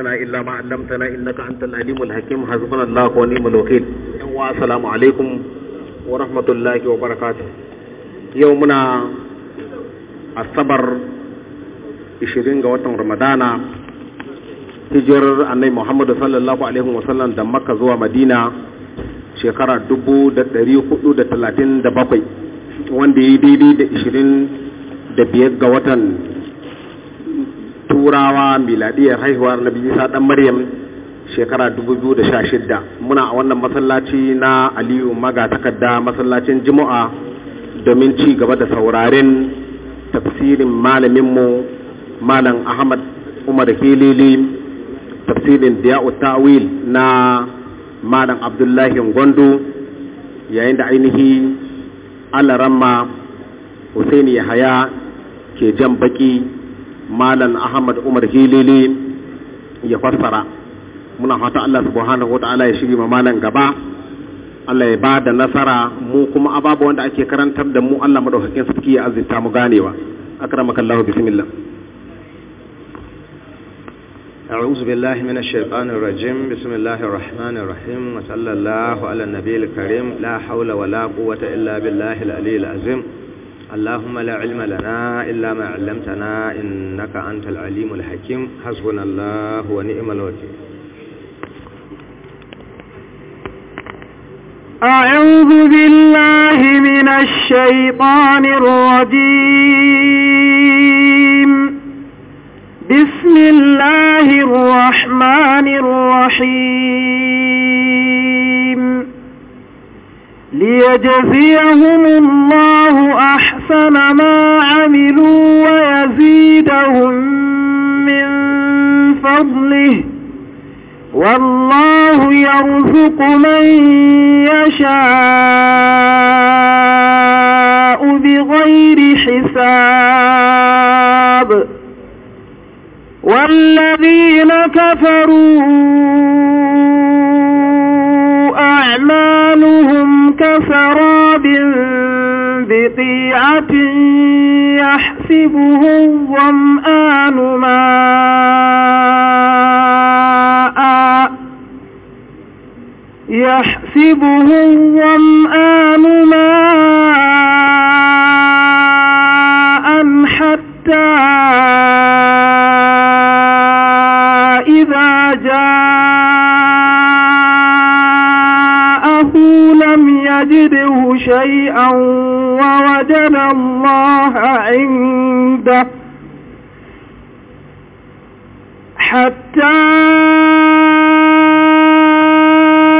لنا إلا ما علمتنا إنك أنت العليم الحكيم حسبنا الله ونعم الوكيل والسلام عليكم ورحمة الله وبركاته يومنا الصبر 20 ga watan Ramadana hijirar annabi Muhammad sallallahu alaihi da maka zuwa Madina shekara 1437 wanda ya daidai da 25 ga watan turawa miladiyar haihuwar nabi isa dan maryam shekara 2016 muna a wannan masallaci na aliyu maga takarda masallacin jimu'a domin ci gaba da sauraren tafsirin malaminmu malam ahmad umar hilili tafsirin diya'u ta'wil na malam abdullahi gondo yayin da ainihi alaramma husaini yahaya ke jan baki malam ahmad umar hilili ya fassara muna fata allah subhanahu wa ta'ala ya shige ma malam gaba allah ya ba da nasara mu kuma ababa wanda ake karantar da mu allah madaukakin sarki ya azurta mu ganewa allah bismillah أعوذ بالله من الشيطان الرجيم بسم الله الرحمن الرحيم وصلى الله على النبي الكريم لا حول ولا قوة إلا بالله العلي العظيم اللهم لا علم لنا إلا ما علمتنا إنك أنت العليم الحكيم حسبنا الله ونعم الوكيل أعوذ بالله من الشيطان الرجيم بسم الله الرحمن الرحيم ليجزيهم الله أحسن ما عملوا ويزيدهم من فضله والله يرزق من يشاء بغير حساب والذين كفروا أعمالهم كسراب بقيعة يحسبه الظمآن ماء يحسبه الظمآن ماء شيئا ووجد الله عنده حتى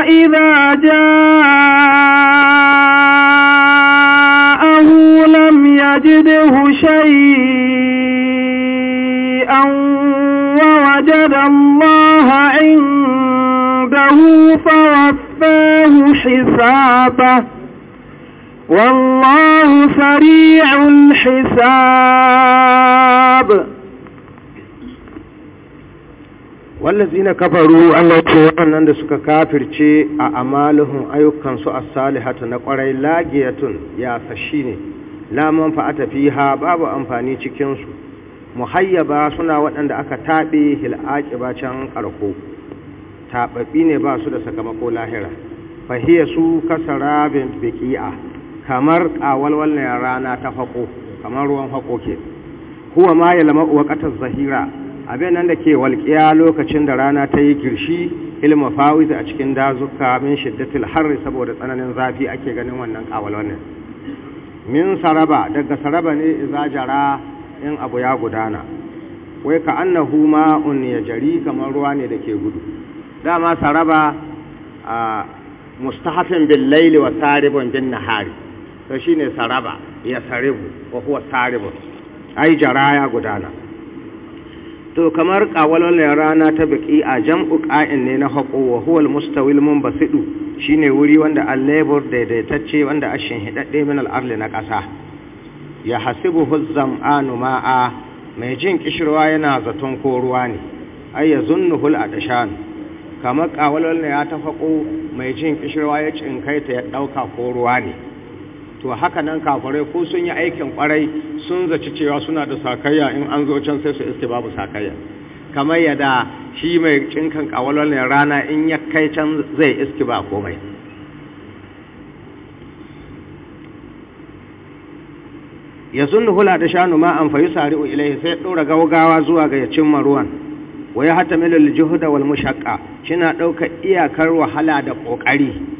إذا جاءه لم يجده شيئا ووجد الله عنده فوفاه حسابه والله سريع الحساب wallazina kafaru Allah ce waɗannan da suka kafirce a amaluhun ayyukansu a salihatu na ƙwarai lagiyatun ya sashi ne laman fa'ata fiha babu amfani cikinsu muhayyaba suna waɗanda aka taɓe hil'aƙi ba can ƙarko Taɓaɓi ne ba su da sakamako lahira fahiyar su kasara bin biki'a kamar ƙawalwallon rana ta haƙo kamar ruwan haƙo ke kuwa ma ya lama waƙatar zahira abin nan da ke walƙiya lokacin da rana ta yi girshi ilma fawiz a cikin dazuka min shiddatil harri saboda tsananin zafi ake ganin wannan ƙawalwallon min saraba daga saraba ne iza jara in abu ya gudana wai ka annahu ma'un ya jari kamar ruwa ne da ke gudu dama saraba a mustahafin bil laili wa saribun bin nahari to ne saraba ya saribu wa huwa saribun ai jara ya gudana to kamar kawalon rana ta biki a jam'u ƙa'in ne na haƙo wa huwal mustawil shi ne wuri wanda al-labor daidaitacce wanda ashin hidaɗe min al na ƙasa ya hasibu huzzam'anu ma'a mai jin kishirwa yana zaton ko ruwa ne ai ya da shanu. kamar kawalon ya ta haƙo mai jin kishirwa ya cinkaita ya ɗauka ko ruwa ne to haka nan kafarai ko sun yi aikin kwarai sun zaci cewa suna da sakayya in an zo can sai su iske babu sakayya kamar yadda shi mai cinkan kawalolin rana in ya kai can zai iske ba komai ya zunnu hula da shanu ma an fayu sari'u ilai sai ɗora gaugawa zuwa ga ya cimma ruwan hata ya hatta milil juhuda wal mushaqqa ɗaukar iyakar wahala da ƙoƙari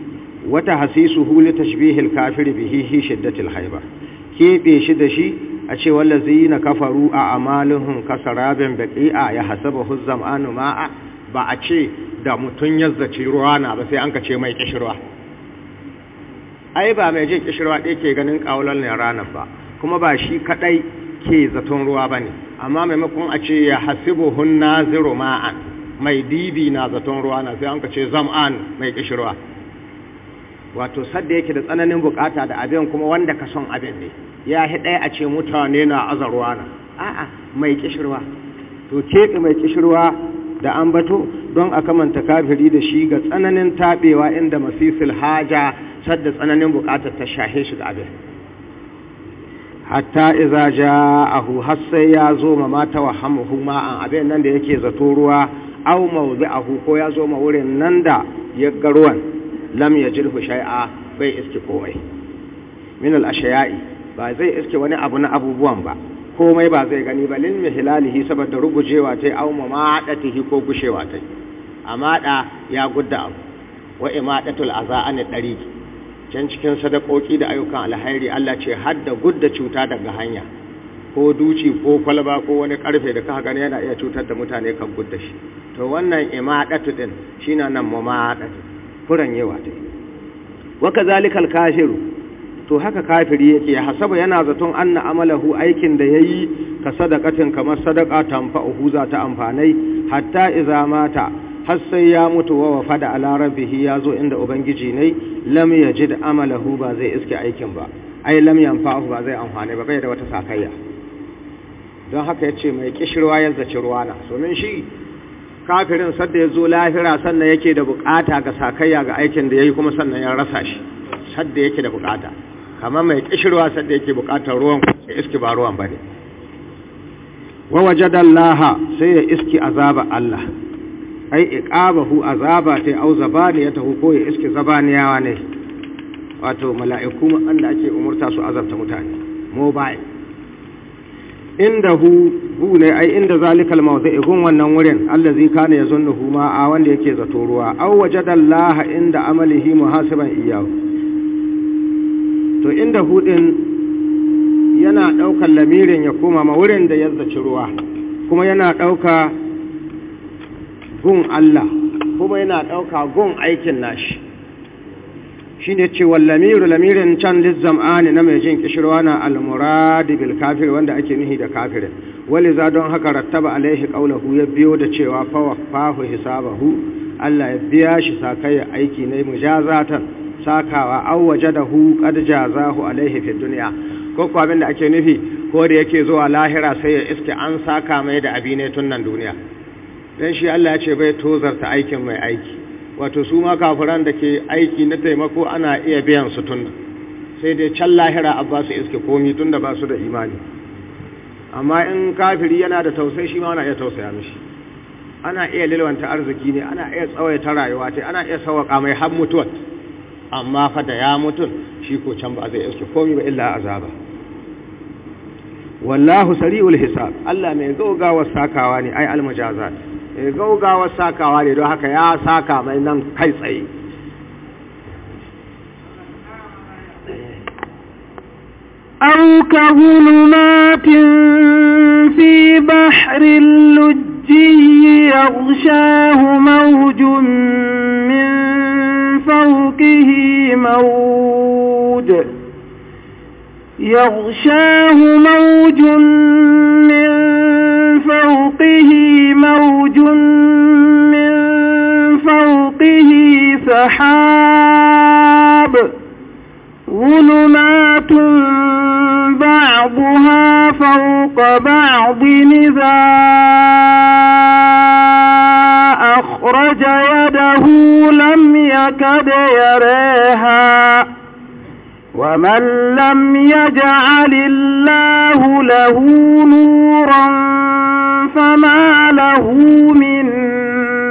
wata hasisu huli tashbihil kafiri bihi hi shiddatil haiba kebe shi da shi a ce wallazi na kafaru a amalihun kasarabin baqi'a ya hasaba huzzam anu ma'a ba a ce da mutun yazzaci ruwa na ba sai an ka mai kishirwa ai ba mai jin kishirwa ɗaya ke ganin ƙaular ne ranar ba kuma ba shi kaɗai ke zaton ruwa ba ne amma maimakon a ce ya hasibu hunna naziru ma'an mai dibi na zaton ruwa na sai an ka zam'an mai kishirwa wato sadda yake da tsananin bukata da abin kuma wanda ka son abin ne ya hi ɗaya a ce mutane na azarwa na a'a mai kishirwa to keɓe mai kishirwa da an bato don a kamanta kafiri da shi ga tsananin taɓewa inda masisil haja sadda tsananin bukatar ta shahe shi da abin hatta iza ahu har sai ya zo ma mata wa ma'an abin nan da yake zato ruwa au ahu ko ya zo ma wurin nan da ya ga ruwan lam ya jirhu shai'a bai iske komai min al ashya'i ba zai iske wani abu na abubuwan ba komai ba zai gani ba lin mihlalihi saboda rugujewa tai aw mamadatihi ko gushewa tai amada ya gudda abu wa imadatul aza'ani dari can cikin sadakoki da ayyukan alhairi Allah ce hadda gudda cuta daga hanya ko duci ko kwalba ko wani karfe da ka gani yana iya cutar da mutane kan gudda shi to wannan imadatu din shine nan mamadatu yawa ta waka zalikal kafiru to haka kafiri yake ya hasaba yana zaton anna amalahu aikin da ya yi ka sadaqatin kamar sadaka tanfa'uhu huza ta amfanai hatta iza mata har sai ya mutu wa wafada alarabihi ya zo inda ubangiji ne lam yajid amalahu ba zai iske aikin ba ai lam ba zai amfani ba bai da wata sakayya don haka yace mai kishirwa ya zaci ruwana domin shi kafirin sadda ya zo lahira sannan yake da bukata ga sakayya ga aikin da ya yi kuma sannan ya rasa shi sadda yake da bukata kamar mai kishirwa sadda yake bukatar ruwan ya iski ba ruwan ba ne wa wajadallaha sai ya iski azaba Allah ai iqabahu azaba ta au zabani ya tahu ko ya iski zabaniyawa ne wato mala'iku Allah ake umurta su azabta mutane mobile inda hu hu ne ai inda zalikal mawdi'i gun wannan wurin allazi kana hu ma a wanda yake zato ruwa aw wajada Allah inda amalihi muhasiban iyahu to inda hu din yana daukar lamirin ya koma ma wurin da ya zaci ruwa kuma yana dauka gun Allah kuma yana dauka gun aikin nashi shi ne ce wallamiru lamirin can lizzam ani na mai jin kishirwa na almuradi bil kafir wanda ake nihi da kafirin wali za don haka rattaba alaihi qaulahu ya biyo da cewa fawa fahu hisabahu Allah ya biya shi sakayya aiki ne mujazatan sakawa waje da hu, qad jazahu alaihi fi duniya. ko ko abin da ake nufi ko da yake zuwa lahira sai ya iske an saka mai da abi ne tun duniya dan shi Allah ya ce bai tozarta aikin mai aiki wato su ma kafiran da ke aiki na taimako ana iya biyan su tun sai dai can lahira a ba su iske komi tun da ba su da imani amma in kafiri yana da tausai shi ma ana iya tausaya mishi ana iya lilwanta arziki ne ana iya tsawaita rayuwa ce ana iya sawaka mai har mutuwar amma fa da ya mutun shi ko can ba zai iske komi ba illa azaba wallahu sari'ul hisab Allah mai gaugawa sakawa ne ai almujazat Eh, gaugawa sakawa ne don haka ya saka mai nan kai tsaye أو كظلمات في بحر لجي يغشاه موج من فوقه موج يغشاه موج من فوقه موج من فوقه سحاب ظلمات بعضها فوق بعض إذا أخرج يده لم يكد يريها ومن لم يجعل الله له نورا فما له من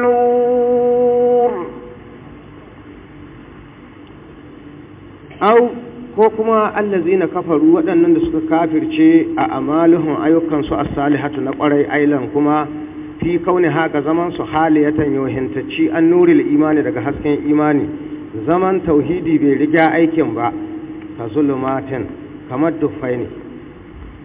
نور أو ko kuma allazi na kafaru waɗannan da suka kafirce a amalihun ayyukansu a salihatu na ƙwarai ailan kuma fi kauni haka zaman su hali haliyatan hintacci an nuril imani daga hasken imani zaman tauhidi bai riga aikin ba ka zulumatin kamar dufai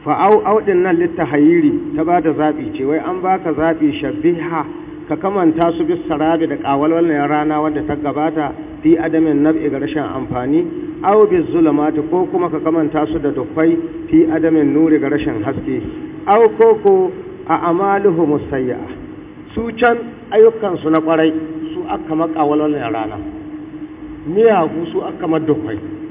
fa'au auɗin nan littahayiri ta ba da zaɓi ce wai an baka zaɓi shabiha ka kamanta su bis sarabi da a rana wanda ta gabata fi adamin nab'i ga rashin amfani au bis zulumati ko kuma ka kamanta su da dufai fi adamin nuri ga rashin haske au koko a amaluhu musayya su can ayyukansu na kwarai su aka maƙawalwalin rana miyagu su aka madufai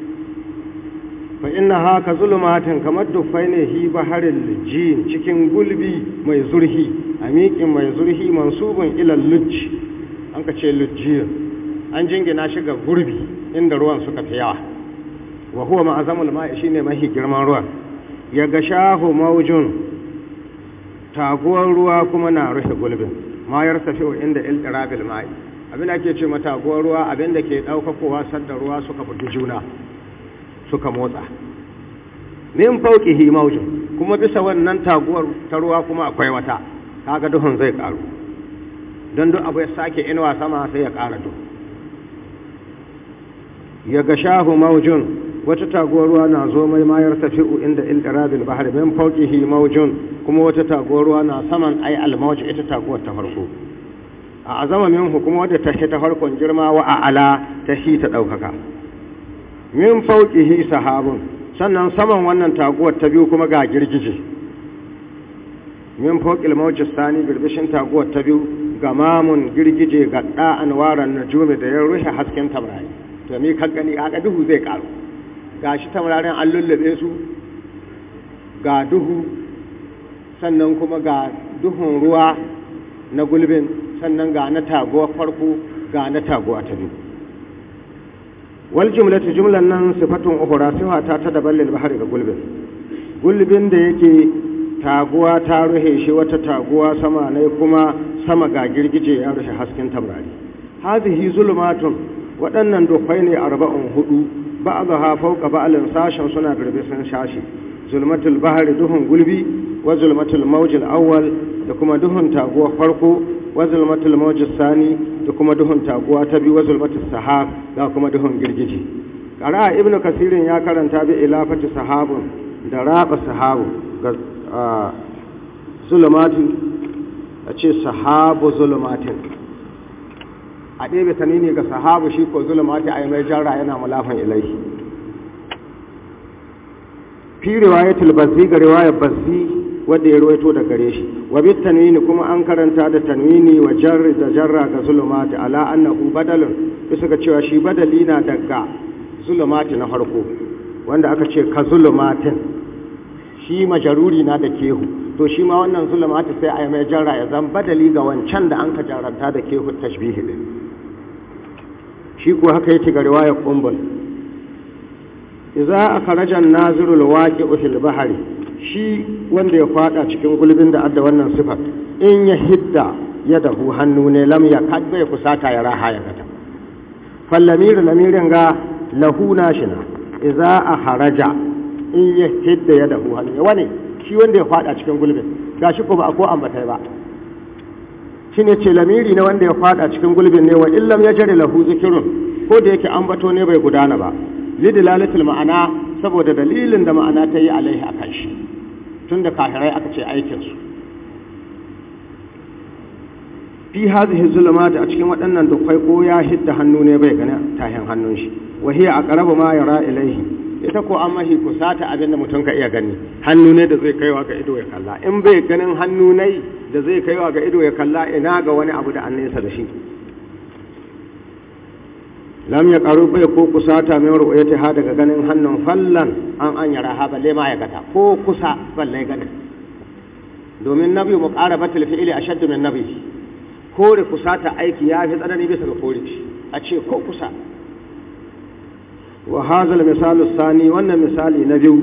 fa inna haka zulumatin kamar dufai ne hi baharin jin cikin gulbi mai zurhi a miƙin mai zurhi mansubin ilal lujj an ka ce lujjiyar an jingina shi ga gurbi inda ruwan suka fi yawa wa huwa ma'azamul ma'i shine mahi girman ruwan ya ga shahu maujun taguwar ruwa kuma na rufe gulbin ma yarsafi'u inda iltirabil ma'i abin da ake ce ma taguwar ruwa abin da ke kowa, sadda ruwa suka fito juna suka motsa min fauqihi himaujin, kuma bisa wannan taguwar ta ruwa kuma akwai wata kaga duhun zai karu don duk abu ya sake inuwa sama sai ya kara duhu ya gashahu mawjun wata taguwar ruwa na zo mai mayar tafi'u inda ilqirabil bahr min fawqihi mawjun kuma wata taguwar ruwa na saman ai almawj ita taguwar ta farko a azama min hukuma wadda ta ta farkon girma wa a'ala ta shi ta daukaka min fauqihi sahabun sannan saman wannan taguwar ta biyu kuma ga girgije min fauqil mawji sani girgishin taguwar ta biyu ga mamun girgije ga da'an waran najumi da ya rushe hasken tamrani to me ka gani a duhu zai karu gashi tamrarin an lullube su ga duhu sannan kuma ga duhun ruwa na gulbin sannan ga na taguwar farko ga na taguwa ta biyu wal jumlatu jumlan nan sifatun ukhra sifa ta ta daban lil bahri ga gulbin gulbin da yake taguwa ta ruhe shi wata taguwa sama ne kuma sama ga girgije ya rushe hasken taurari hazihi zulumatun waɗannan dufai ne arba'un hudu ba'daha fawqa ba'lin sashen suna garbe sun shashi zulmatul bahri duhun gulbi wa zulmatul mawjil awwal da kuma duhun taguwa farko wa zulmatul mawji sani da kuma duhun taguwa ta biyu wa zulmatul sahab da kuma duhun girgiji qara'a ibnu kasirin ya karanta bi ilafati sahabun da raba sahabu ga zulmatin a ce sahabu zulmatin a ɗebe tanini ga sahabu shi ko zulmati a yi mai jarra yana mulafin ilai. fi riwayatul bazzi ga riwayar bazzi wanda ya ruwaito da gare shi wa bi tanwini kuma an karanta da tanwini wa jarri da jarra ga zulumati ala annahu badalun bisa ga cewa shi badali na daga zulumati na farko wanda aka ce ka zulumatin shi majaruri na da kehu to shi ma wannan zulumati sai a yi mai jarra ya zan badali ga wancan da an ka jaranta da kehu tashbihi din shi ko haka yake ga riwayar kumbul idza akhraja an-naziru al-waqi'u fil shi wanda ya fada cikin gulbin da adda wannan sifar in ya hidda ya dahu hannu ne lam ya kadba ya kusata ya raha ya gata fallamir lamirin ga lahu nashina iza a haraja in ya hidda ya dahu hannu ya wane shi wanda ya fada cikin gulbin gashi ko ba a ko ambata ba shi ne ce lamiri na wanda ya fada cikin gulbin ne wa illam ya jari lahu zikirun ko da yake ambato ne bai gudana ba lidilalatul ma'ana saboda dalilin da ma'ana ta yi alaihi a kan shi tun da kafirai aka ce aikinsu fi hazihi zulumati a cikin waɗannan dukkai ko ya hidda hannu ne bai gana tahin hannun shi wahiya a ƙaraba ma yara ilaihi ita ko an mahi kusata abin da mutum ka iya gani hannu ne da zai kaiwa ga ido ya kalla in bai ganin hannu ne da zai kaiwa ga ido ya kalla ina ga wani abu da an nesa da shi lam ya karu bai ko kusata mai ru'yati ha daga ganin hannun fallan an an yara ha balle ma ya gata ko kusa balle gata domin nabi muqarabatul fi'li ashaddu min nabi kore kusata aiki ya fi tsanani bisa ga kore a ce ko kusa wa hadha al sani wannan misali na biyu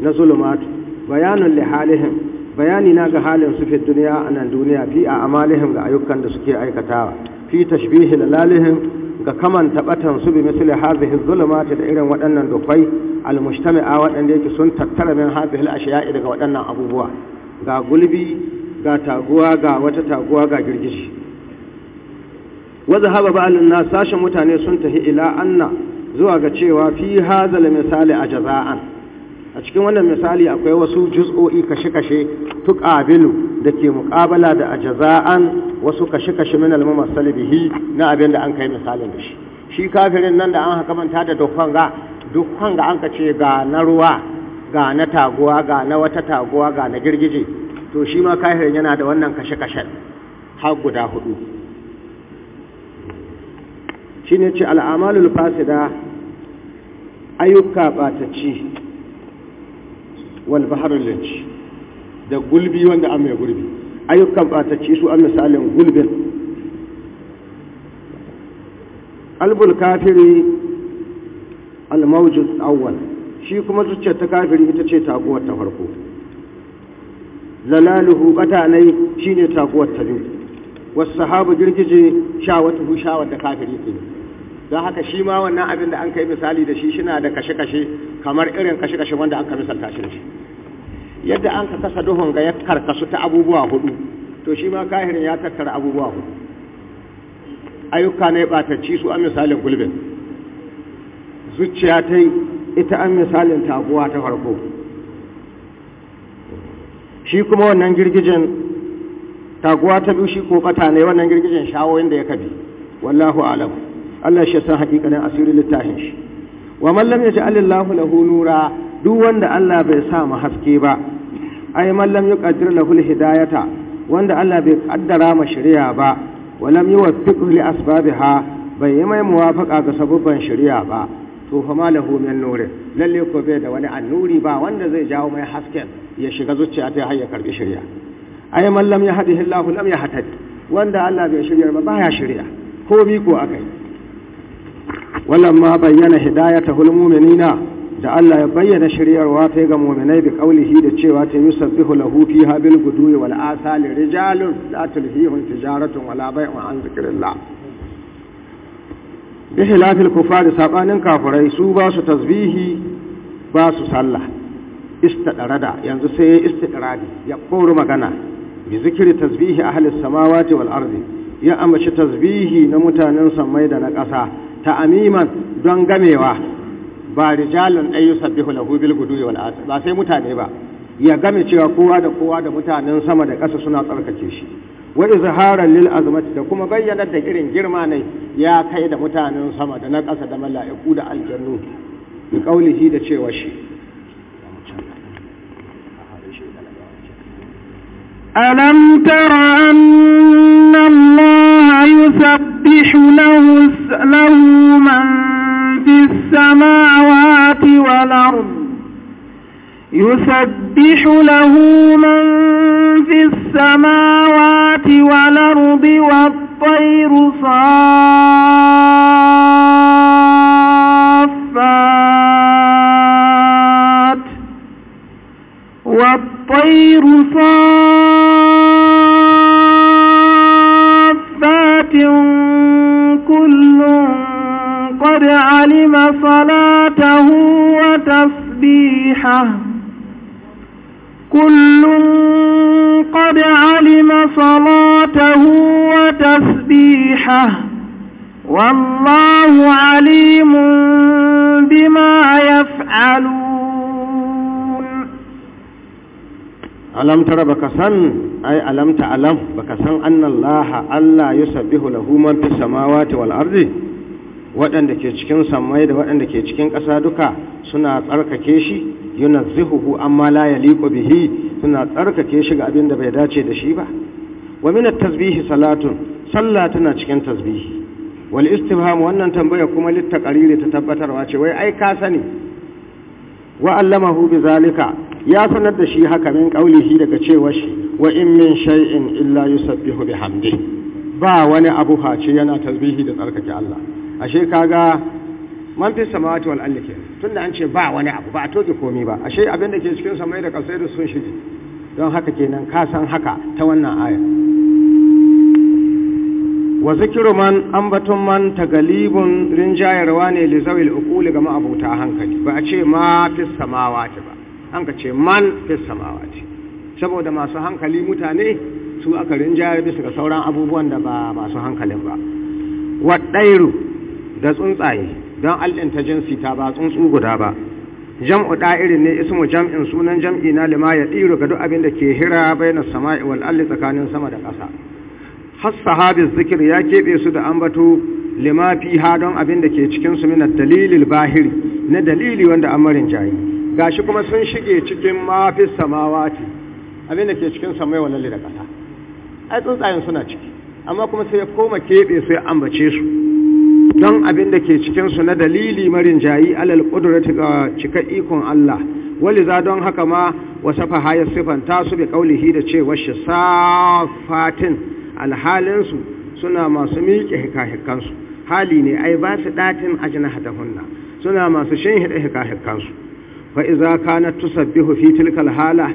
na zulumat bayanun li halihim bayani na ga halin su fi duniya a nan duniya fi a amalihim ga ayyukan da suke aikatawa fi tashbihi lalihim ka kaman tabatan su bi misali hadhihi zulumati da irin waɗannan dukai almujtama'a waɗanda yake sun tattara min hadhihi al-ashiya'i daga waɗannan abubuwa ga gulbi ga taguwa ga wata taguwa ga girgiji wa zahaba ba'al nas sashin mutane sun tahi ila anna zuwa ga cewa fi hadhal misali a jaza'an." a cikin wannan misali akwai wasu juz'o'i kashe-kashe tuqabilu da ke muƙabala da a ajaza'an wasu kashe-kashe min al bihi na abin da an kai misalin da shi shi kafirin nan da an haka manta da dukkan ga dukkan ga an ka ce ga na ruwa ga na taguwa ga na wata taguwa ga na girgije to shi ma kafirin yana da wannan kashe-kashen har guda hudu ne ce al'amalul fasida ayyuka batacci wal baharul lunci. da gulbi wanda an mai gulbi. ayyukan ɓatacci su an misalin gulbin albul kafiri almaujus awwal shi kuma zuciya ta kafiri ita ce taguwar ta farko zalaluhu batanai shine taguwar ta biyu wasu sahabu girgije hu shawar da kafiri ke don haka shi ma wannan abin da an kai misali da shi shina da kashe-kashe kamar irin kashe-kashe wanda an ka misalta shi da shi yadda an ka kasa duhun ga ya karkasu ta abubuwa hudu to shi ma kahirin ya tattara abubuwa hudu ayyuka ne ci su an misalin gulbin zuciya ta yi ita an misalin taguwa ta farko shi kuma wannan girgijin taguwa ta biyu shi ko bata ne wannan girgijin shawoyin da ya kabi wallahu alam Allah shi san hakikanin asirin littafin shi wa mallam ya ji Allahu lahu nura duk wanda Allah bai sa mu haske ba ay man lam yuqaddir lahu hidayata wanda Allah bai kaddara ma shari'a ba wa lam yuwaffiq li asbabiha bai yi mai muwafaqa ga sabubban shari'a ba to fa malahu min nurin lalle ko bai da wani annuri ba wanda zai jawo mai hasken ya shiga zuciya ta hayya karbi shari'a ay man lam yahdihi Allah lam yahtadi wanda Allah bai shirya ba baya shirya ko bi ko akai ma bayyana hidayatahul mu'minina da Allah ya bayyana shiryarwa ta ga muminai bi kaulihi da cewa ta yusabbihu lahu fiha bil gudwi wal asali rijalun la tulhihim tijaratun wala bai'un an zikrillah bi hilafil kufari sabanin kafirai su ba su tasbihi ba su sallah istadarada yanzu sai ya istidradi ya koru magana bi zikri tasbihi ahli samawati wal ardi ya amshi tasbihi na mutanen samai da na ƙasa ta amiman don gamewa ba rijalun ayu sabbihu lahu bil gudu wal asr ba sai mutane ba ya game cewa kowa da kowa da mutanen sama da ƙasa suna tsarkake shi wa izharan lil azmati da kuma bayyanar da irin girma ne ya kai da mutanen sama da na ƙasa da mala'iku da aljannu bi qaulihi da cewa shi ألم تر أن الله يسبح له, له في السماوات والأرض يسبح له من في السماوات والأرض والطير صافات والطير صافات كل قد علم صلاته وتسبيحه كل قد علم صلاته وتسبيحه والله عليم بما يفعلون ألم ترى بكسن أي ألم تعلم بكسن أن الله ألا يسبه له من في السماوات والأرض waɗanda ke cikin sammai da waɗanda ke cikin ƙasa duka suna tsarkake shi yunazzihuhu amma la liƙo bihi suna tsarkake shi ga abin da bai dace da shi ba wa mina tasbihi salatun sallah tana cikin tasbihi wal istifham wannan tambaya kuma littaqariri ta tabbatarwa ce wai ai ka sani wa allamahu zalika ya sanar da shi haka min qaulihi daga cewa shi wa in min shay'in illa yusabbihu bihamdi ba wani abu face yana tasbihi da tsarkake Allah ashe kaga man fi samawati wal ardi tun tunda an ce ba wani abu ba a toke komai ba ashe abin da ke cikin samai da kasai da sun shige don haka kenan ka san haka ta wannan aya wa zikiru man ambaton man tagalibun rinjayarwa ne li zawil uquli ga ma'abuta hankali ba a ce ma fi samawati ba an ka ce man fi samawati saboda masu hankali mutane su aka rinjayar bisa ga sauran abubuwan da ba masu hankalin ba wa dairu da tsuntsaye don al'inta jinsi ta ba tsuntsu guda ba jam'u da'irin ne ismu jam'in sunan jam'i na lima ya tsiru ga duk abin da ke hira na sama'i wal alli tsakanin sama da ƙasa has sahabi zikir ya keɓe su da ambato lima ha don abin da ke cikin su dalilin dalilil bahiri na dalili wanda amarin jayi gashi kuma sun shige cikin mafi samawati abin da ke cikin samai wal alli da ƙasa ai tsuntsayen suna ciki amma kuma sai ya koma keɓe su ya ambace su don abin da ke cikinsu na dalili marin jayi alal ƙudurati ga cika ikon Allah wali za don haka ma wasa fahaya siffanta su bi ƙaulihi da ce washe safatin alhalinsu suna masu miƙe hikahikansu hali ne ai ba su ɗatin ajina hunna suna masu shin hida hikahikansu fa iza na tusabbihu fi tilkal hala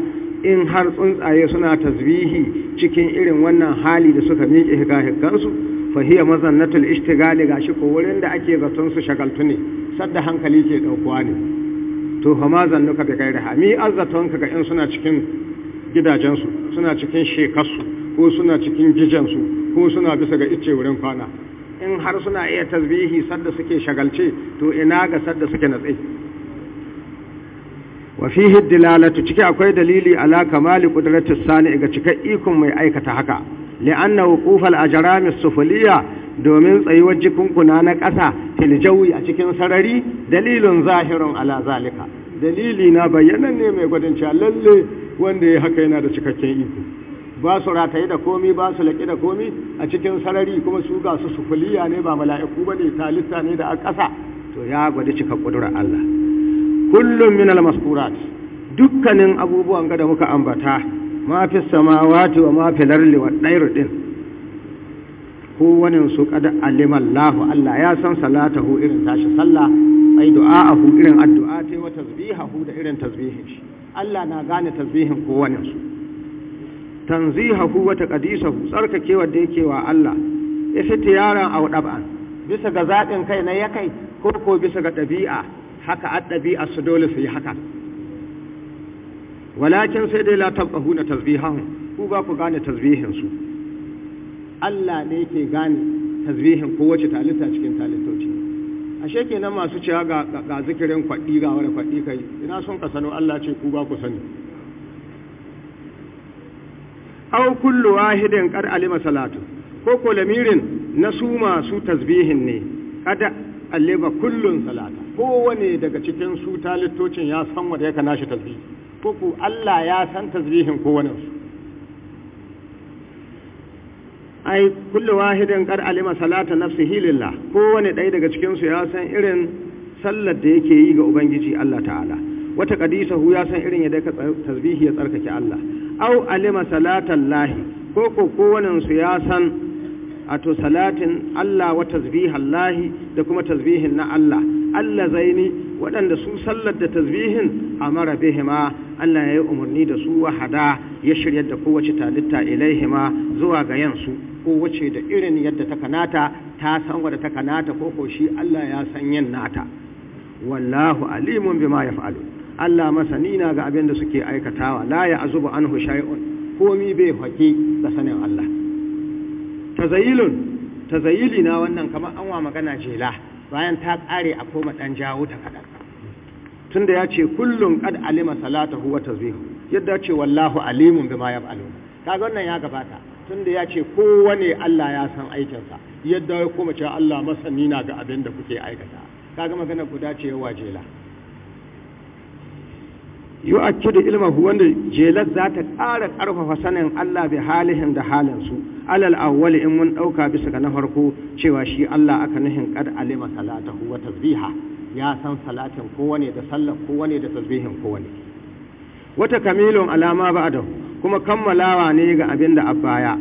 in har tsuntsaye suna tasbihi cikin irin wannan hali da suka miƙe hikahikansu fahiyar mazannatul ishtigali gashi ko wurin da ake zaton su shagaltu ne sadda hankali ke daukuwa ne to fa mazannuka bi ghairi hami azzatonka ga in suna cikin gidajensu suna cikin shekarsu ko suna cikin gijensu ko suna bisa ga icce wurin kwana in har suna iya tasbihi sadda suke shagalce to ina ga sadda suke natsi wa fihi dilalatu ciki akwai dalili ala kamali qudratis sani ga cika ikon mai aikata haka li'anna wuqufal a as-sufliya domin tsayuwar jikunkuna na ƙasa hiljauwi a cikin sarari dalilun zahirun ala zalika dalili na bayanan ne mai gwadin cewa lalle wanda ya haka yana da cikakken iko ba su rataye da komi ba su laƙi da komi a cikin sarari kuma su ga su sufuliya ne ba mala'iku ba ne talista ne da a ƙasa to ya gwada cika ƙudurar Allah kullum min al dukkanin abubuwan ga da muka ambata ma fi samawati wa ma fi larli wa ɗairu ɗin kowane su kada aliman lahu Allah ya san salatahu irin tashi sallah ai du'a'ahu irin addu'a ta wa tasbihahu da irin tasbihin shi Allah na gane tasbihin kowane su hu wa taqdisahu tsarkakewa da yake wa Allah istiyara aw dab'an bisa ga zaɓin kai na yakai ko ko bisa ga ɗabi'a haka a ɗabi'a su dole su yi haka walakin sai dai la huna tasbihahum ku ba ku gane tasbihin su Allah ne yake gane tasbihin kowace talita cikin talitoci ashe kenan masu cewa ga ga zikirin kwaɗi ga wani kwaɗi kai ina sun ka sano Allah ce ku ba ku sani aw kullu wahidin qad alima salatu ko ko lamirin na su masu tasbihin ne kada alima kullun salata kowane daga cikin su talitocin ya san wanda yake nashi tasbihi uku Allah ya san tasbihin kowane su ai kullu wahidin qad alima salata nafsihi lillah kowane ɗaya daga cikin su ya san irin sallar da yake yi ga ubangiji Allah ta'ala wata hu ya san irin yadda ka tasbihi ya tsarkake Allah au alima salatan lahi ko kowane su ya san ato salatin Allah wa tasbihallahi da kuma tasbihin na Allah Allah zaini waɗanda su sallar da tasbihin amara bihima Allah ya yi umarni da su wahada ya shirya da kowace talitta ilaihima zuwa ga yansu kowace da irin yadda ta kanata ta san wadda ta kanata ko ko shi Allah ya san yin nata wallahu alimun bima yaf'alu Allah masani na ga abin da suke aikatawa la ya azubu anhu shay'un komi bai hake da sanin Allah tazayilun tazayili na wannan kamar an wa magana jela bayan ta ƙare a koma ɗan jawo ta kaɗan tunda ya ce kullum kad alima salatahu wa tasbihu yadda ce wallahu alimun bima yaf'alu kaga wannan ya gabata tunda ya ce kowane Allah ya san aikinsa yadda ya koma cewa Allah masani na ga abin da kuke aikata kaga magana guda ce yawa wajela da ilmahu wanda jelar za ta ƙara ƙarfafa sanin Allah bi halihin da halinsu alal awwali in mun ɗauka bisa ga na farko cewa shi Allah aka nuhin kad alima salatahu wa tasbiha ya san salatin kowane da sallar kowane da tasbihin kowane wata kamilun alama da kuma kammalawa ne ga abin da abbaya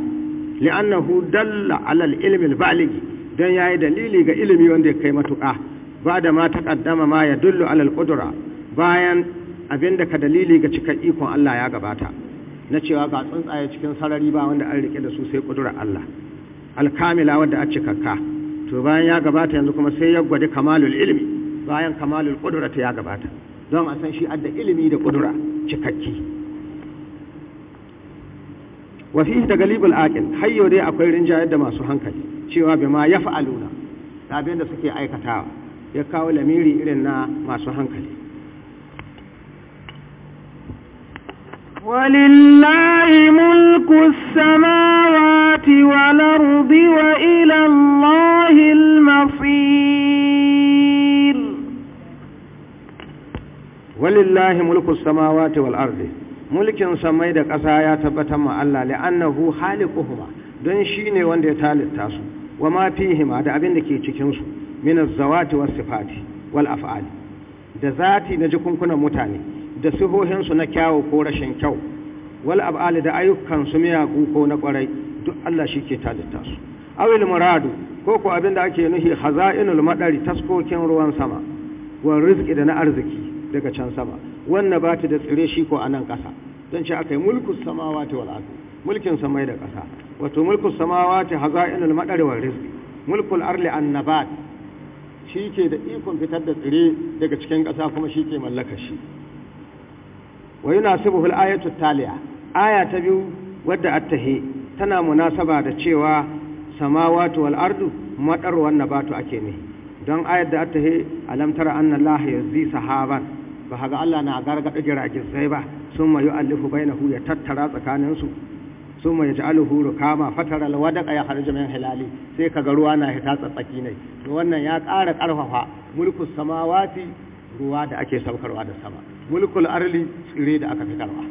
li'annahu dalla alal ilmi baligi dan yayi dalili ga ilimi wanda ya kai matuƙa ba da ma taqaddama ma yadullu alal qudra bayan abin da ka dalili ga cika ikon Allah ya gabata na cewa ga tsuntsaye cikin sarari ba wanda an rike da su sai kudurar Allah alkamila wanda a cikakka to bayan ya gabata yanzu kuma sai ya gwada kamalul ilmi bayan kamalul ta ya gabata don a san shi adda ilimi da kudura cikakki wa da galibul aqil hayyo dai akwai rinjayar da masu hankali cewa bima yaf'aluna abin da suke aikatawa ya kawo lamiri irin na masu hankali ولله ملك السماوات والأرض وإلى الله المصير ولله ملك السماوات والأرض mulkin samai da ƙasa ya tabbatar ma Allah hali khaliquhuma don shine wanda ya talitta su wa ma fihima da abin da ke cikin su min az-zawati sifati wal af'ali da zati na jikunkunan mutane da sihohinsu na kyawu ko rashin kyau wal ab'ali da ayyukansu miyagu ko na kwarai duk Allah shi ke talitta su awil muradu ko ko abin da ake nuhi khaza'inul madari taskokin ruwan sama wa rizqi da na arziki daga can sama wannan ba ta da tsire shi ko anan ƙasa don ce akai mulkus samawati wal ardi mulkin samai da ƙasa wato mulkus samawati haza'inul madari wal rizqi mulkul arli an nabat shi ke da ikon fitar da tsire daga cikin ƙasa kuma shi ke mallaka shi wa yunasibuhu al-ayatu taliya aya ta biyu wadda attahi tana munasaba da cewa samawati wal ardu matar wannan batu ake ne don ayar da attahi alam tara anna allaha yazi sahaban ba haga Allah na gargada jirage sai ba summa yu'allifu bainahu ya tattara tsakanin su summa yaj'aluhu rukama fatara alwadaqa ya kharija min hilali sai kaga ruwa na hita tsatsaki ne to wannan ya ƙara ƙarfafa mulkus samawati ruwa da ake saukarwa da sama mulkul arli tsire da aka fitarwa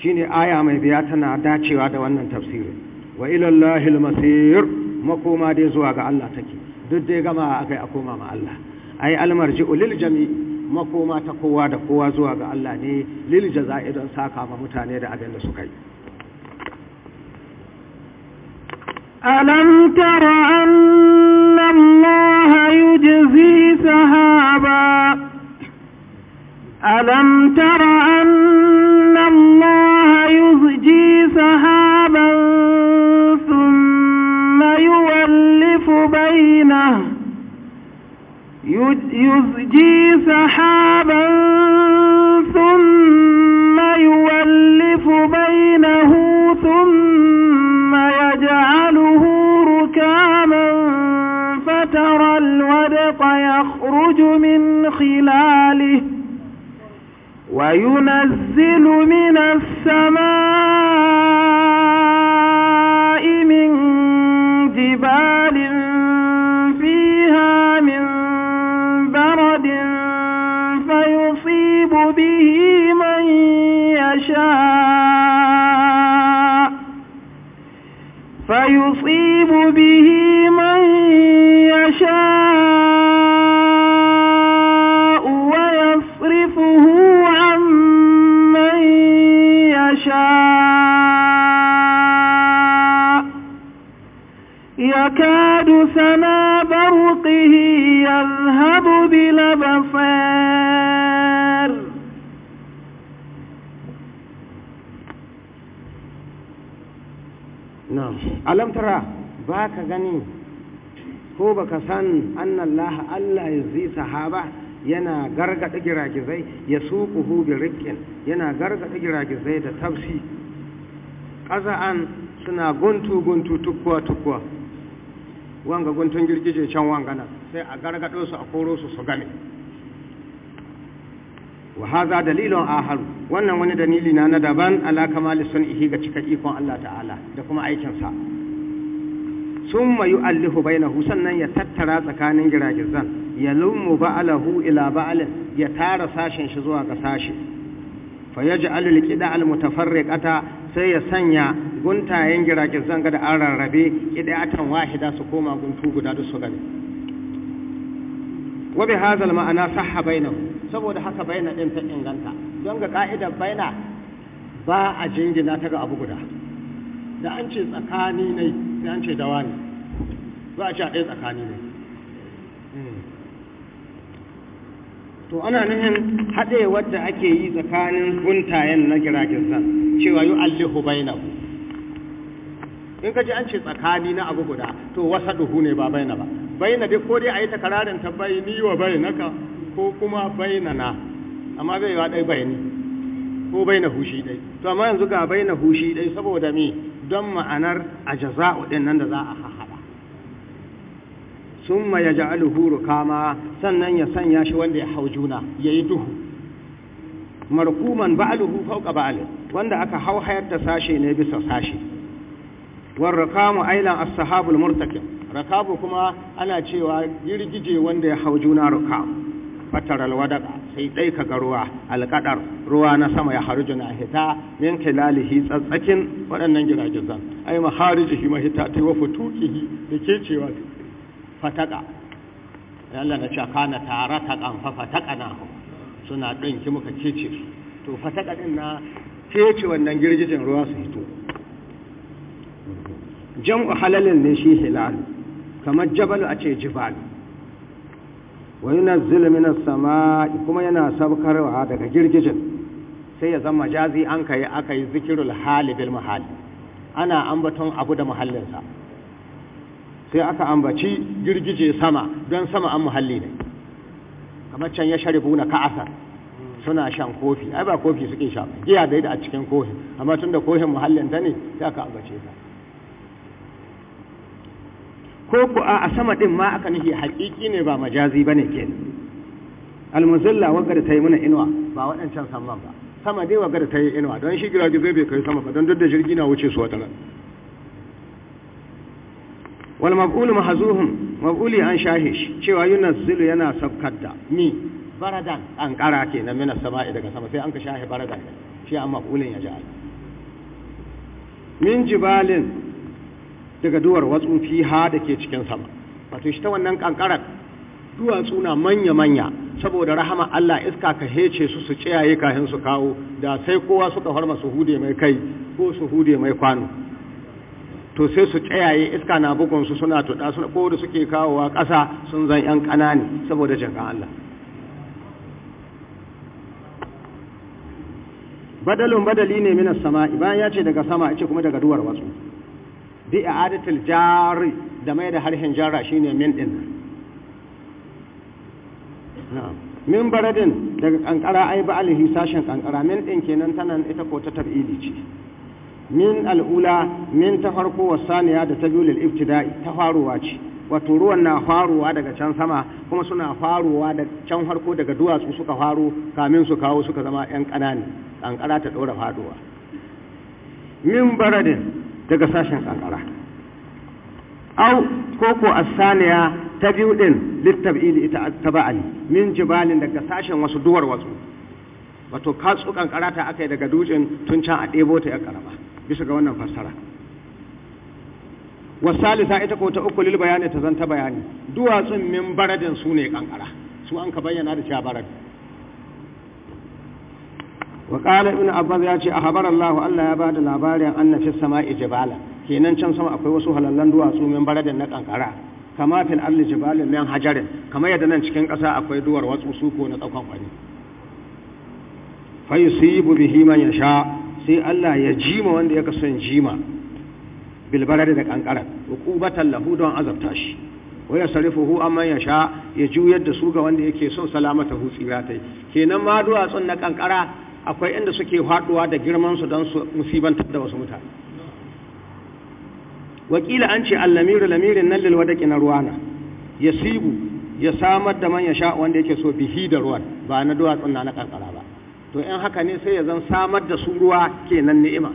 shine aya mai biya tana dacewa da wannan tafsirin wa ilallahi almasir makoma dai zuwa ga Allah take duk dai gama akai a koma ma Allah ai almarji Ulil jami makoma ta kowa da kowa zuwa ga Allah ne lil jaza'i don saka ma mutane da abin da suka yi alam tara anna yujzi sahaba ألم تر أن الله يزجي سحابا ثم يولف بينه يزجي سحابا ثم يولف بينه ثم يجعله ركاما فترى الودق يخرج من خلاله وينزل من السماء من جبال فيها من برد فيصيب به من يشاء فيصيب به من يشاء يكاد سنا برقه يذهب بلبصار نعم ألم ترى باك غني ko baka san annallaha Allah ya zai sahaba yana gargada giragizai ya suquhu bi rikin yana gargada giragizai da tafsi Ƙaza'an suna guntu guntu tukwa tukwa wanga guntun girgije can wanga sai a gargado su a koro su su gane wa haza dalilun aharu wannan wani dalili na na daban ala kamali sun'ihi ga cika ikon Allah ta'ala da kuma aikin sa summa yu'allihu bainahu sannan ya tattara tsakanin giragizan ya lumu ba'alahu ila ba'alin ya tara sashen shi zuwa ga sashe fa yaj'alu al-qida al-mutafarriqata sai ya sanya guntayen giragin zanga da an rarrabe atan wahida su koma guntu guda duk su gani wa bi maana sahha bainahu saboda haka baina din ta inganta don ga ka'idar baina ba a jingina ta ga abu guda da an ce tsakani ne da an ce dawa ba a ce a ɗaya tsakani ne to ana nufin haɗe wadda ake yi tsakanin guntayen na giragirzan cewa yi allihu bainahu in ka ji an ce tsakani na abu guda to wasa duhu ne ba baina ba baina dai ko dai a yi ta kararin tabbai ni wa ka ko kuma na. amma bai yiwa ɗai ni. ko baina hushi ɗai to amma yanzu ga baina hushi ɗai saboda me don ma'anar a jaza'u ɗin nan da za a summa ya ja'aluhu rukama sannan ya sanya shi wanda ya hau juna ya yi duhu markuman ba'luhu fawqa ba'l wanda aka hau hayar sashe ne bisa sashe war rakamu ailan as murtakin rakabu kuma ana cewa girgije wanda ya hau juna rukamu fataral alwada sai dai ka ga ruwa alƙadar ruwa na sama ya haruju na hita min kilalihi tsatsakin waɗannan giragizan ai maharijihi mahita ta wa futuqihi da cewa fataka Allah na ce kana tara ta kanfa fataka na suna ɗanki muka cece su to fataka ɗin na cece wannan girgijin ruwa su hito jam'u halalin ne shi hilal kamar jabalu a ce jibal wa yunazzilu minas sama'i kuma yana sabkarwa daga girgijin sai ya zama jazi an kai aka yi zikirul hali bil ana ambaton abu da muhallinsa sai aka ambaci girgije sama don sama an muhalli ne kamar can ya sharibu na ka'asa suna shan kofi ai ba kofi suke sha giya da a cikin kofi amma tun da kofin muhallin ta ne sai aka ambace ta ko ku a sama din ma aka nufi haƙiƙi ne ba majazi bane ke almuzilla wagga da ta yi muna inuwa ba waɗancan samman ba sama dai wagga da ta yi inuwa don shi girgizai bai kai sama ba don duk da jirgi na wuce su wata nan wal maf'ulu mahzuhum maf'uli an shahish cewa yunazzilu yana saukar da ni baradan an kara kenan mina sama'i daga sama sai an ka shahi baradan shi an maf'ulin ya ja'al min jibalin daga duwar watsu fi ha da ke cikin sama wato shi ta wannan kankarar duwatsu na manya-manya saboda rahama Allah iska ka hece su su ciyaye kahin su kawo da sai kowa suka farma su hude mai kai ko su hude mai kwano to sai su tsayaye iska na bugunsu suna tuɗa suna ko da suke kawowa ƙasa sun zan ‘yan ƙanani saboda jinkan Allah badalin badali ne minas sama bayan ya ce daga sama ce kuma daga duwar wasu di a adatul jari da mai da harshen jara shi ne min ɗin min baradin daga ƙanƙara ai ba alihi sashen ƙanƙara min ɗin kenan tanan ita ko ta tab'idi ce min al'ula min ta farko wa saniya da ta biyu lil ibtida'i ta faruwa ce wato ruwan na faruwa daga can sama kuma suna faruwa da can farko daga duwatsu suka faru kamin su kawo suka zama yan ƙanani ƙanƙara ta ɗora faduwa min baradin daga sashen kankara au koko asaniya ta biyu din littab'ili ita taba'ali min jibalin daga sashen wasu duwar wasu wato katsu ƙanƙara ta aka yi daga dutsen tun can a ɗebo ta ya ƙarama. bisa ga wannan fassara wasalisa ita ko ta uku lil bayani ta zanta bayani duwatsun min baradin su ne kankara su an ka bayyana da cewa barad wa qala ibn abbas ya ce ahbar allah allah ya bada labarin anna fi sama'i jibala kenan can sama akwai wasu halallan duwatsu min baradin na kankara kama fil al jibalin min hajarin kama yadda nan cikin kasa akwai duwar watsu su na tsakon kwani fa yusibu bihi man yasha sai Allah ya jima wanda ya kasan jima bilbarar da kankara uqubatan lahu don azabta shi wa yasrifuhu amma yasha ya juyar da su ga wanda yake son salamata hu tsiratai kenan ma duwatsun na kankara akwai inda suke faduwa da girman su don su musibantar da wasu mutane wakila an ce allamiru lamirin nan lilwadaki na ruwana yasibu ya samar da man yasha wanda yake so bihi da ruwan ba na duwatsun na na kankara ba to in haka ne sai ya zan samar da su ruwa kenan ni'ima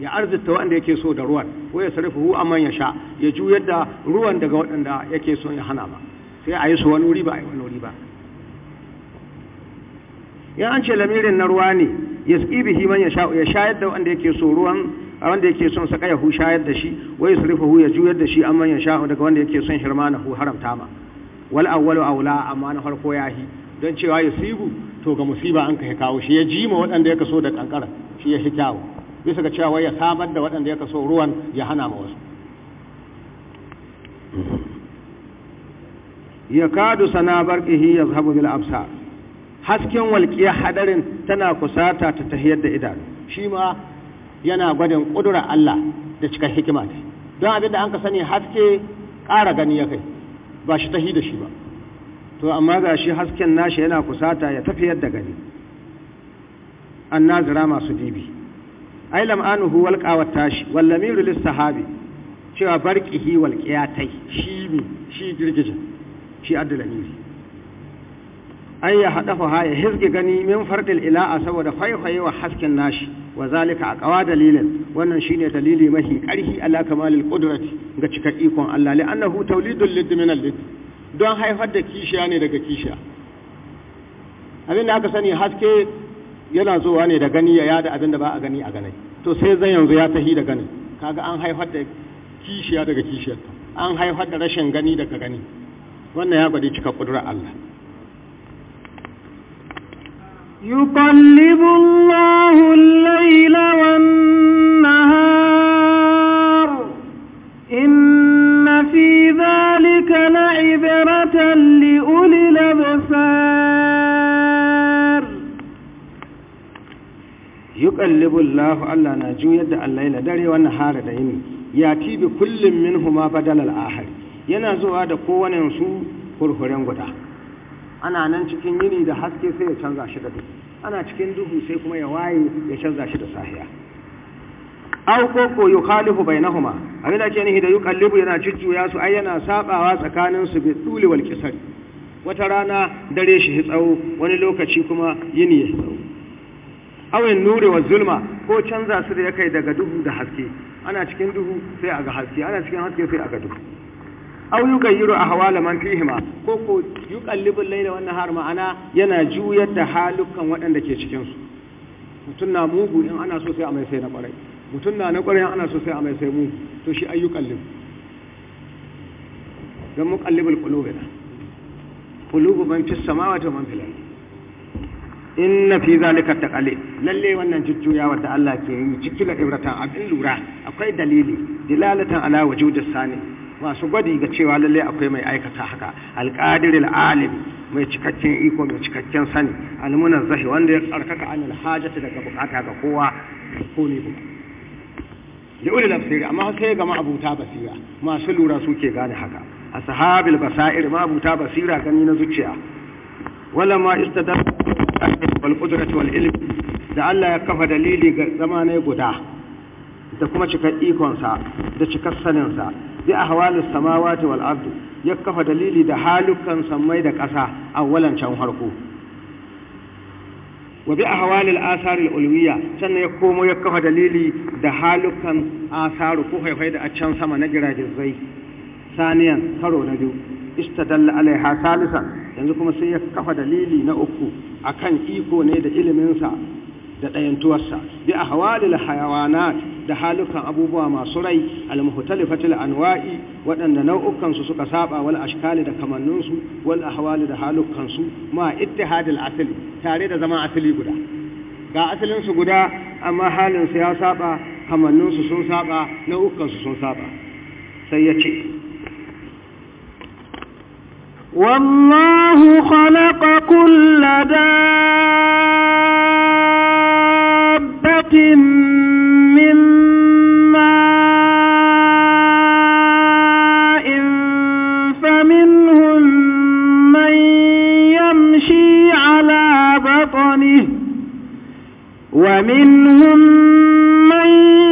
ya arzita wanda yake so da ruwan ko ya sarrafa hu amman ya sha ya juyar da ruwan daga waɗanda yake so ya hana ba sai a yi su wani wuri ba a yi wani wuri ba ya an ce lamirin na ruwa ne ya tsibi bihi man ya sha ya shayar da wanda yake so ruwan a wanda yake son saka ya hu shayar da shi wai sarrafa hu ya juyar da shi amman ya sha daga wanda yake son shirma na hu haramta ma wal awwalu aula amma na farko yahi don cewa yusibu to ga musiba an kai kawo shi ya ji ma waɗanda ya kaso da kankara shi ya shi bisa ga cewa ya samar da waɗanda ya kaso ruwan ya hana ma wasu ya kadu sana barkihi ya zahabu bil absa hasken walƙiya hadarin tana kusata ta tahiyar da idanu shi ma yana gwadin ƙudurar Allah da cikin hikima don abin da an ka sani haske ƙara gani ya kai ba shi tahi da shi ba to amma ga shi hasken nashi yana kusata ya tafi yadda gani an nazira masu dibi ai lam'anuhu walƙawar tashi wallamiru lissahabi cewa barƙihi walƙiyatai shi ne shi girgije shi addalamiri an ya haɗa ha ya hizgi gani min farɗin ila'a saboda wa hasken nashi wa zalika a ƙawa dalilin wannan shine dalili mahi ƙarfi ala kamalil ƙudurati ga cikar ikon Allah li'annahu tawlidul lidd min al don haifar da kishiya ne daga kishiya abin da aka sani haske yana zuwa ne da gani ya yada abin da ba a gani a ganai to sai zan yanzu ya tahi da gani kaga an haifar da kishiya daga kishiyar an haifar da rashin gani daga gani wannan ya gwada cika kudura Allah yuqallibu Allahu al-laila wan yuqallibu Allahu Allah na juyar da Allah laila dare wannan hara da yini ya tibi bi kullum minhuma badal al-ahad yana zuwa da kowane su hurhuren guda ana nan cikin yini da haske sai ya canza shi da duhu ana cikin duhu sai kuma ya waye ya canza shi da sahiya aw ko ko yukhalifu bainahuma abin da ke nihi da yuqallibu yana jujjuya su ai yana sabawa tsakanin su bi duli wal wata rana dare shi tsawo wani lokaci kuma yini ya tsawo awai nuri wa zulma ko canza su da ya kai daga duhu da haske ana cikin duhu sai a ga haske ana cikin haske sai a ga duhu aw yugayyiru ahwala man fihima ko ko yuqallibu al-layla wan nahar ma'ana yana juyar da halukan waɗanda ke cikin su mutun na mugu in ana so sai a mai sai na kwarai mutun na na kwarai ana so sai a mai sai mugu to shi ayyuqallib dan muqallibul qulubi qulubu man fis samawati wa man fil ardi inna fi zalika taqali lalle wannan jujjuyawa da Allah ke yi ciki ibratan abin lura akwai dalili dilalatan ala wujudis sani masu gwadi ga cewa lalle akwai mai aikata haka alqadiril alim mai cikakken iko mai cikakken sani almunan zahi wanda ya tsarkaka anil hajati daga bukata ga kowa ko ne ba da ulil amma sai ga ma'abuta basira masu lura suke gane haka ashabil basair ma'abuta basira gani na zuciya wala ma istadar wal qudrati wal ilm da Allah ya kafa dalili ga zamanai guda da kuma cikar ikonsa da cikar saninsa bi ahwalis samawati wal ard ya kafa dalili da halukan samai da ƙasa awwalan can harko wa bi ahwalil asar al ulwiya sannan ya komo ya kafa dalili da halukan asaru ko haifai da a can sama na zai saniyan karo na biyu istadalla alaiha salisa yanzu kuma sai ya kafa dalili na uku akan iko ne da iliminsa da ɗayantuwarsa bi a hawalil hayawanat da halukan abubuwa masu rai almuhtalifatil anwa'i waɗanda nau'ukansu suka saba wal ashkali da su wal ahwali da halukansu ma ittihadil asli tare da zama asali guda ga asalinsu guda amma halinsu ya saba su sun saba nau'ukansu sun saba sai ya ce والله خلق كل دابة من ماء فمنهم من يمشي على بطنه ومنهم من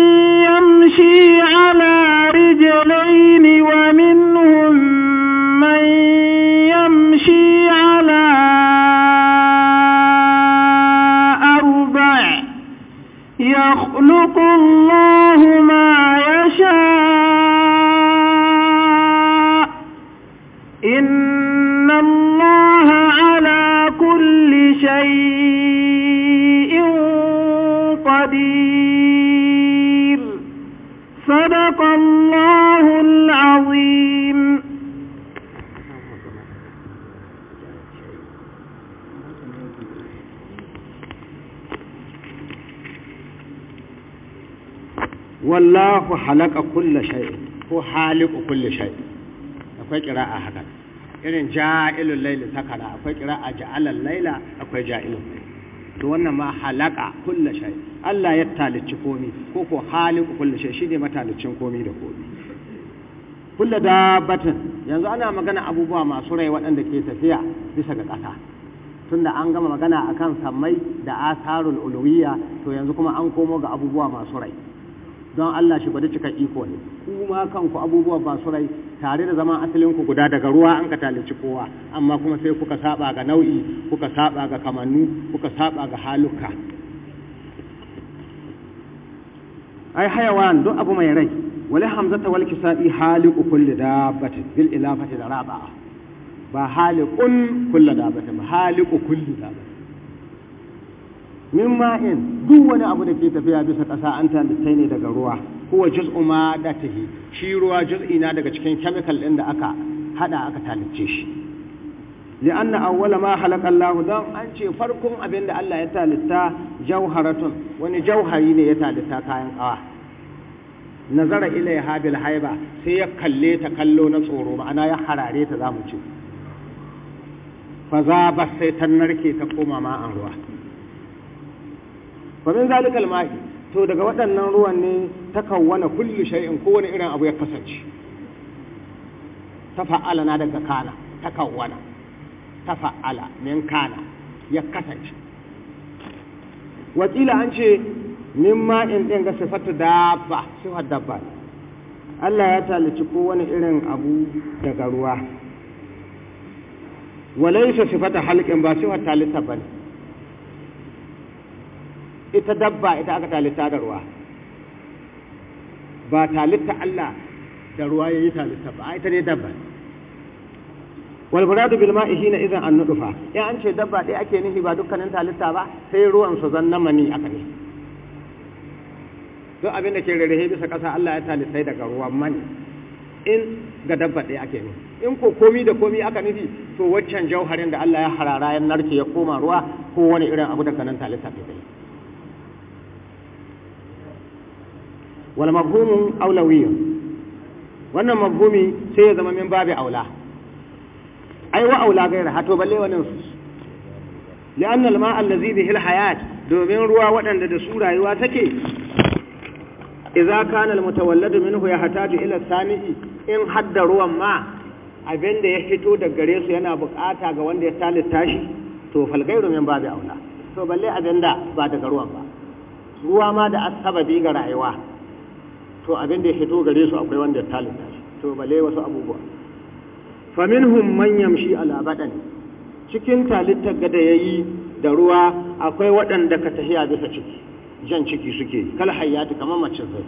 Allahu halaka kulle shay ko haliku kulle shay akwai kira'a haka irin ja'ilul laili sakara akwai kira'a ja'alal layla akwai ja'ilul to wannan ma halaka kulle shay Allah ya talici komi ko ko haliku kulle shay shine matalicin komi da komi da dabbatin yanzu ana magana abubuwa masu rai waɗanda ke tafiya bisa ga ƙasa tunda an gama magana akan sammai da asarul ulwiya to yanzu kuma an komo ga abubuwa masu rai don Allah shi bada cika iko ne kuma kanku abubuwa ba su rai tare da zama asalinku guda daga ruwa an ka talici kowa amma kuma sai kuka saba ga nau'i kuka saba ga kamannu kuka saba ga haluka ai hayawan duk abu mai rai wali hamzata wal kisabi haliqu kulli dabbatin bil ilafati da raba ba haliqun kulli ba haliqu kulli dabbatin min ma'in duk wani abu da ke tafiya bisa ƙasa an ta ne daga ruwa kowa juz'u ma da tahi shi ruwa juz'i na daga cikin chemical ɗin da aka haɗa aka talice shi li'anna awwala ma halaka Allah dan an ce farkon abin da Allah ya talitta jawharatun wani jauhari ne ya talitta kayan kawa nazara ilai habil haiba sai ya kalle ta kallo na tsoro ma'ana ya harare ta zamu ce fa za sai ta narke ta koma ma an ruwa fa min zalikal ma'i to daga waɗannan ruwan ne ta kawwana kullu shay'in kowane irin abu ya kasance ta fa'ala na daga kana ta kawwana ta fa'ala min kana ya kasance wakila an ce min ma'in ɗin ga sifatu dabba sifar dabba Allah ya talici kowane irin abu daga ruwa walaisa sifata halƙin ba sifar talita ba ne ita dabba ita aka talita da ruwa ba talita Allah da ruwa ya yi talita ba ita ne dabba walmuradu bil ma'i shine idan an nudufa ya an ce dabba ɗaya ake nufi ba dukkanin talita ba sai ruwan su zan na mani aka ne duk abin da ke rarrahe bisa ƙasa Allah ya talisai daga ruwan mani in ga dabba ɗaya ake nufi in ko komi da komi aka nufi to waccan jauharin da Allah ya harara ya narke ya koma ruwa ko wani irin abu da nan talita dai wal mafhumu aulawiyyun wannan mafhumi sai ya zama min babu aula ai wa aula gaira hato balle wannan su li'anna al-ma'a allazi bihi al-hayat domin ruwa waɗanda da su rayuwa take idza kana al-mutawalladu minhu hataju ila sami'i? in hadda ruwan ma abinda ya fito da gare su yana bukata ga wanda ya talita shi to fal gairu min babu aula to balle abinda ba daga ruwan ba ruwa ma da asababi ga rayuwa to abin da ya fito gare su akwai wanda ya talita shi to bale wasu abubuwa faminhum man yamshi ala badan cikin talittar gada yayi da ruwa akwai waɗanda ka tahiya bisa ciki jan ciki suke kal hayyati kamar mace zai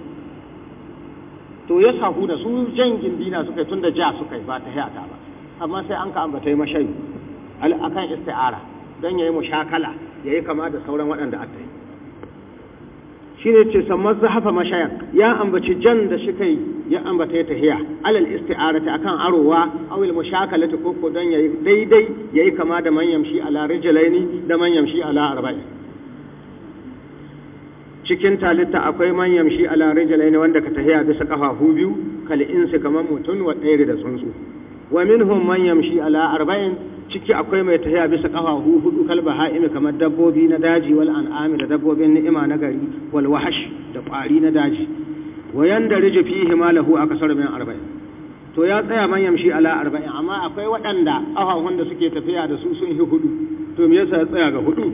to ya sahu da su jan gindina suka tun da ja suka ba ta ta ba amma sai an ka ambata mashayi al akan isti'ara dan yayi mushakala yayi kama da sauran waɗanda aka shine ce samman zahafa mashayan ya ambaci jan da shi kai ya ambata ya tahiya alal isti'arati akan arowa awil mushakalati ko ko dan yayi daidai yayi kama da man ala rijalaini da man ala arba'in cikin talitta akwai man yamshi ala rijalaini wanda ka tahiya bisa kafafu biyu kal insi kaman mutun wa da tsuntsu wa minhum man yamshi ala arba'in ciki akwai mai tafiya bisa kafa hudu kalba ha'imi kamar dabbobi na daji wal an'ami da dabbobin ni'ima na gari wal wahash da ƙwari na daji wayan da rije fihi malahu aka sar min arba'in to ya tsaya man yamshi ala arba'in amma akwai waɗanda ƙafafun da suke tafiya da su sun yi hudu to me yasa ya tsaya ga hudu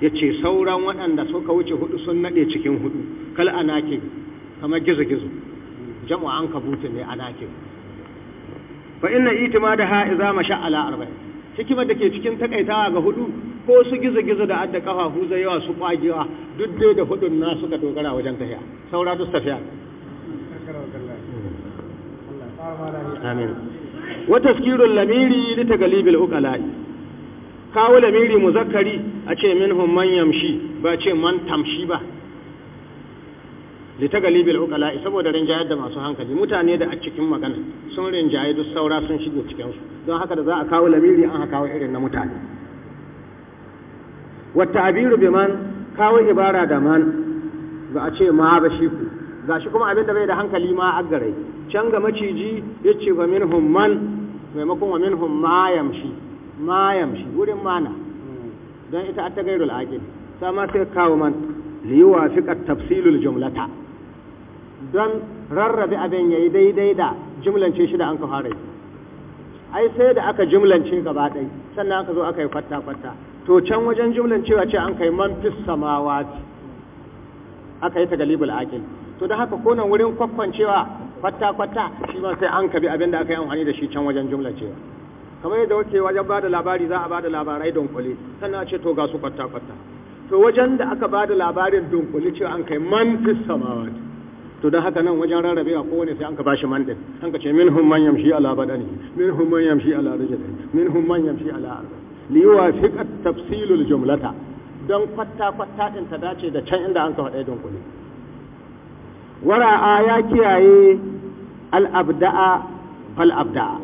yace sauran waɗanda suka wuce hudu sun nade cikin hudu kal anakib kamar gizo gizo jama'an kabutu ne anakib fa inna itimadaha idza masha ala arba'in hikimar da ke cikin takaitawa ga hudu ko su gizo-gizo da adda kafafu zai yawa su kwagewa duk dai da hudun na suka dogara wajen tafiya saura duk tafiya amin wa tazkirul lamiri li tagalibil uqala'i kawo lamiri muzakkari a ce minhum man yamshi ba ce man tamshi ba li ta galibil ukala saboda rinjayar da masu hankali mutane da a cikin magana sun rinjaye duk saura sun shigo cikin su don haka da za a kawo lamiri an kawo irin na mutane wa ta'biru bi man kawo ibara da man ba a ce ma ba shi ku gashi kuma abin da bai da hankali ma a gare can ga maciji yace fa minhum man maimakon wa minhum ma yamshi ma yamshi wurin mana don ita at gairul aqil sama sai kawo man liyuwafiqa tafsilul jumlata don rarrabe abin ya yi daidai da jimlance shi da an ka fara yi ai sai da aka jimlance gaba ɗai sannan aka zo aka yi kwatta-kwatta to can wajen jimlancewa ce an kai man fis samawati aka yi ta galibul akil to da haka konan wurin kwakwancewa kwatta-kwatta shi ma sai an kabi abin da aka yi amfani da shi can wajen jimlancewa kamar yadda wake wajen ba da labari za a ba da labarai dunkule sannan a ce to ga su kwatta-kwatta to wajen da aka ba da labarin dunkule cewa an kai man fis samawati to don haka nan wajen rarrabe a kowane sai an ka bashi mandin an ka ce min hun manyan shi ala badani min hun manyan shi ala rijali min hun manyan shi ala arba li yuwafiqa tafsilul jumlata don kwatta kwatta din ta dace da can inda an ka faɗa don kuli wara'a ya kiyaye al abda'a fal abda'a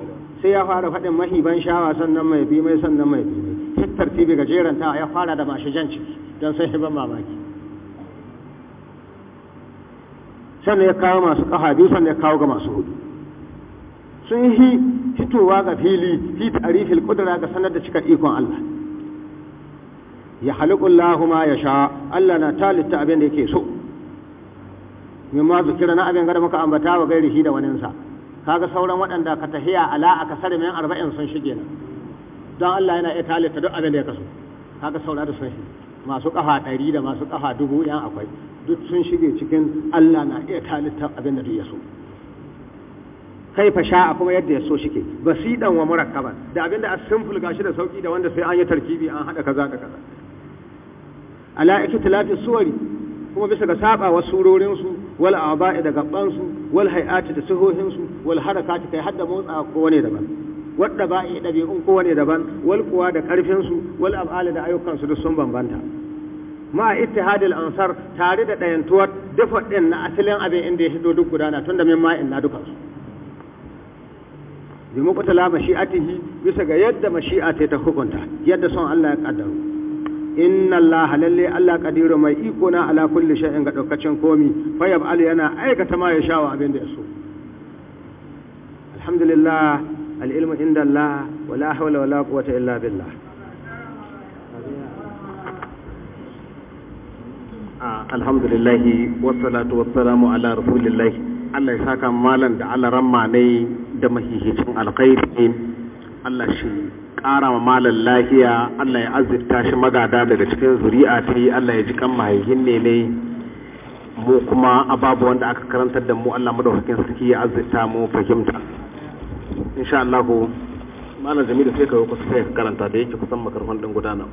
sai ya fara faɗin mahiban shawa sannan mai bi mai sannan mai bi mai tartibi gajeranta ya fara da mashi jan ciki don sai ban mamaki sannan ya kawo masu ƙafa biyu sannan ya kawo ga masu hudu sun yi fitowa ga fili fi tarifin kudura ga sanar da cikar ikon Allah ya halukun lahuma ya sha Allah na talitta abin da yake so min ma zukira na abin gada muka ambata wa gairi shi da waninsa kaga sauran waɗanda ka tahiya ala a kasar min arba'in sun shige nan don Allah yana iya talitta duk abin da ya kaso kaga saura da sun shige masu ƙafa ɗari da masu ƙafa dubu yan akwai duk sun shige cikin Allah na iya talittar abin da duk ya so kai fa sha'a kuma yadda ya so shike basidan wa murakkaban da abin da simple gashi da sauki da wanda sai an yi tarkibi an hada kaza da kaza ala ikhtilafi suwari kuma bisa ga saba wa surorin su wal aba'i da gaban su wal hay'ati da suhohin su wal harakati kai hadda motsa ko wani daban wadda ba a ɗabi'un kowane daban wal kuwa da ƙarfinsu wal af'ali da ayyukansu duk sun bambanta ma ittihadil ansar tare da ɗayantuwar dafa ɗin na asalin abin inda ya hido duk gudana tunda min ma'in na dukansu bi muqtala mashi'atihi bisa ga yadda mashi'a ta hukunta yadda son Allah ya kaddaro inna Allah lalle Allah kadiru mai iko na ala kulli shay'in ga daukacin komi fa yab'al yana aikata ma ya shawa abin da ya so alhamdulillah العلم عند الله ولا haula wala قوة إلا بالله الحمد لله والصلاة والسلام على رسول الله Allah ya saka malam da Allah ramma ne da mahihicin alkhairi Allah shi ƙara ma malam lafiya Allah ya azurta shi magada daga cikin zuri'a ta Allah ya ji kan mahihin ne ne mu kuma ababuwan da aka karantar da mu Allah madaukakin sarki ya azurta mu fahimta insha Allah malam jamilu sai ka kusa sai ka karanta da yake kusan makarfan din gudana